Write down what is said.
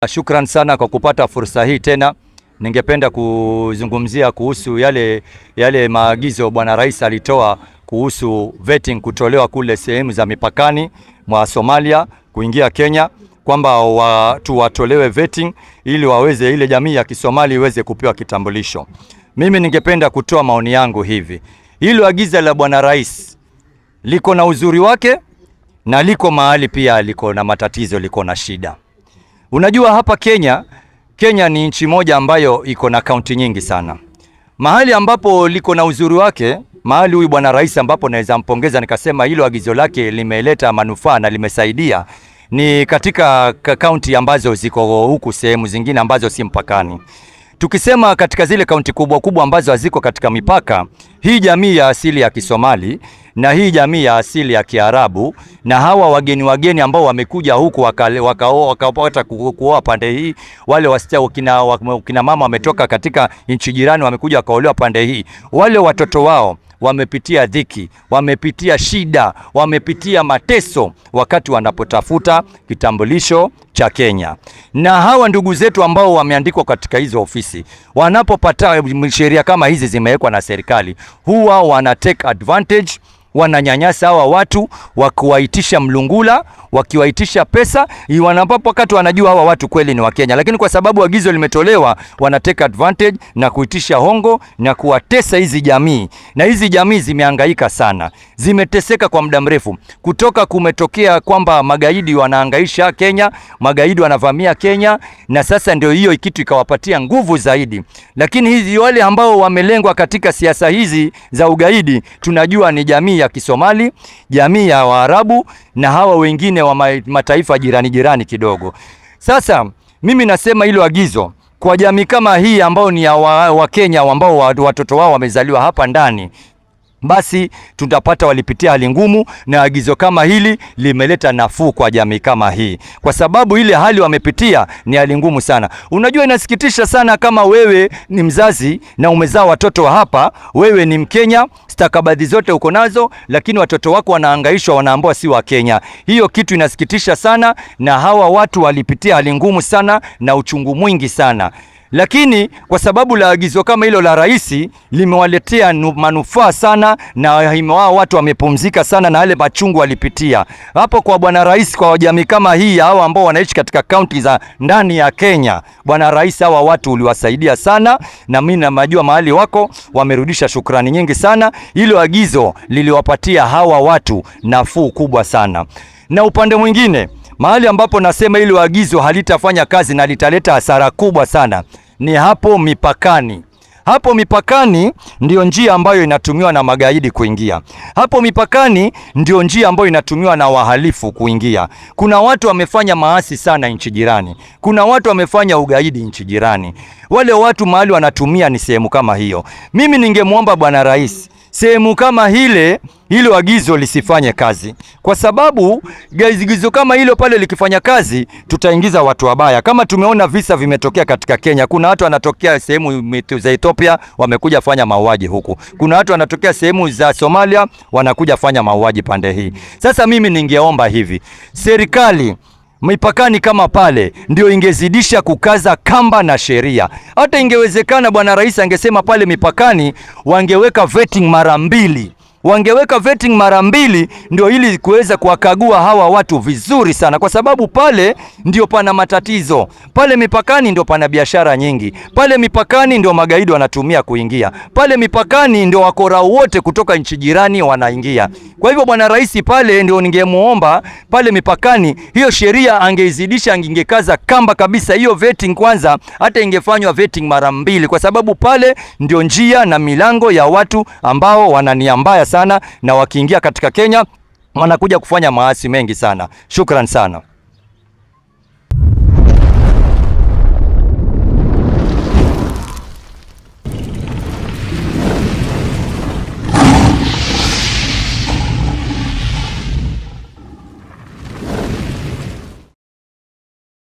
Ah, shukran sana kwa kupata fursa hii tena. Ningependa kuzungumzia kuhusu yale, yale maagizo Bwana Rais alitoa kuhusu vetting kutolewa kule sehemu za mipakani mwa Somalia kuingia Kenya kwamba watu watolewe vetting ili waweze ile jamii ya Kisomali iweze kupewa kitambulisho. Mimi ningependa kutoa maoni yangu hivi. Hilo agiza la Bwana Rais liko na uzuri wake na liko mahali pia liko na matatizo, liko na shida. Unajua hapa Kenya, Kenya ni nchi moja ambayo iko na kaunti nyingi sana. Mahali ambapo liko na uzuri wake, mahali huyu bwana rais ambapo naweza mpongeza nikasema hilo agizo lake limeleta manufaa na limesaidia ni katika kaunti ambazo ziko huku sehemu zingine ambazo si mpakani. Tukisema katika zile kaunti kubwa kubwa ambazo haziko katika mipaka, hii jamii ya asili ya Kisomali na hii jamii ya asili ya Kiarabu na hawa wageni wageni ambao wamekuja huku wakapata waka, waka, waka, kuoa pande hii, wale wasichana kina, kina mama wametoka katika nchi jirani wamekuja wakaolewa pande hii, wale watoto wao wamepitia dhiki, wamepitia shida, wamepitia mateso wakati wanapotafuta kitambulisho cha Kenya. Na hawa ndugu zetu ambao wameandikwa katika hizo ofisi, wanapopata sheria kama hizi zimewekwa na serikali, huwa wana take advantage wananyanyasa hawa watu, wakiwaitisha mlungula, wakiwaitisha pesa, wanapapo wakati wanajua hawa watu kweli ni Wakenya, lakini kwa sababu agizo limetolewa, wanateka advantage na kuitisha hongo na kuwatesa hizi jamii, na hizi jamii zimehangaika sana zimeteseka kwa muda mrefu, kutoka kumetokea kwamba magaidi wanaangaisha Kenya, magaidi wanavamia Kenya, na sasa ndio hiyo kitu ikawapatia nguvu zaidi. Lakini hizi wale ambao wamelengwa katika siasa hizi za ugaidi tunajua ni jamii ya Kisomali, jamii ya Waarabu na hawa wengine wa mataifa jirani jirani kidogo. Sasa mimi nasema hilo agizo kwa jamii kama hii ambao ni ya Wakenya wa ambao watoto wao wamezaliwa hapa ndani basi tutapata walipitia hali ngumu, na agizo kama hili limeleta nafuu kwa jamii kama hii, kwa sababu ile hali wamepitia ni hali ngumu sana. Unajua, inasikitisha sana kama wewe ni mzazi na umezaa watoto wa hapa, wewe ni Mkenya, stakabadhi zote uko nazo, lakini watoto wako wanaangaishwa, wanaambiwa si wa Kenya. Hiyo kitu inasikitisha sana, na hawa watu walipitia hali ngumu sana na uchungu mwingi sana lakini kwa sababu la agizo kama hilo la rais limewaletea manufaa sana, na hao watu wamepumzika sana na yale machungu walipitia hapo kwa bwana rais. Kwa jamii kama hii, hao ambao wanaishi katika kaunti za ndani ya Kenya, bwana rais, hawa watu uliwasaidia sana, na mimi namajua mahali wako, wamerudisha shukrani nyingi sana. Hilo agizo liliwapatia hawa watu nafuu kubwa sana, na upande mwingine Mahali ambapo nasema hili agizo halitafanya kazi na litaleta hasara kubwa sana ni hapo mipakani. Hapo mipakani ndio njia ambayo inatumiwa na magaidi kuingia. Hapo mipakani ndio njia ambayo inatumiwa na wahalifu kuingia. Kuna watu wamefanya maasi sana nchi jirani, kuna watu wamefanya ugaidi nchi jirani. Wale watu mahali wanatumia ni sehemu kama hiyo. Mimi ningemwomba Bwana Rais sehemu kama hile, hilo agizo lisifanye kazi, kwa sababu agizo kama hilo pale likifanya kazi, tutaingiza watu wabaya, kama tumeona visa vimetokea katika Kenya. Kuna watu wanatokea sehemu za Ethiopia wamekuja fanya mauaji huku, kuna watu wanatokea sehemu za Somalia wanakuja fanya mauaji pande hii. Sasa mimi ningeomba hivi serikali mipakani kama pale, ndio ingezidisha kukaza kamba na sheria. Hata ingewezekana bwana rais angesema pale mipakani wangeweka vetting mara mbili wangeweka vetting mara mbili, ndio ili kuweza kuwakagua hawa watu vizuri sana, kwa sababu pale ndio pana matatizo. Pale mipakani ndio pana biashara nyingi, pale mipakani ndio magaidi wanatumia kuingia, pale mipakani ndio wakora wote kutoka nchi jirani wanaingia. Kwa hivyo, bwana rais pale ndio ningemuomba pale mipakani, hiyo sheria angeizidisha, angeingekaza kamba kabisa hiyo vetting kwanza, hata ingefanywa vetting mara mbili, kwa sababu pale ndio njia na milango ya watu ambao wanania sana sana, na wakiingia katika Kenya wanakuja kufanya maasi mengi sana. Shukran sana.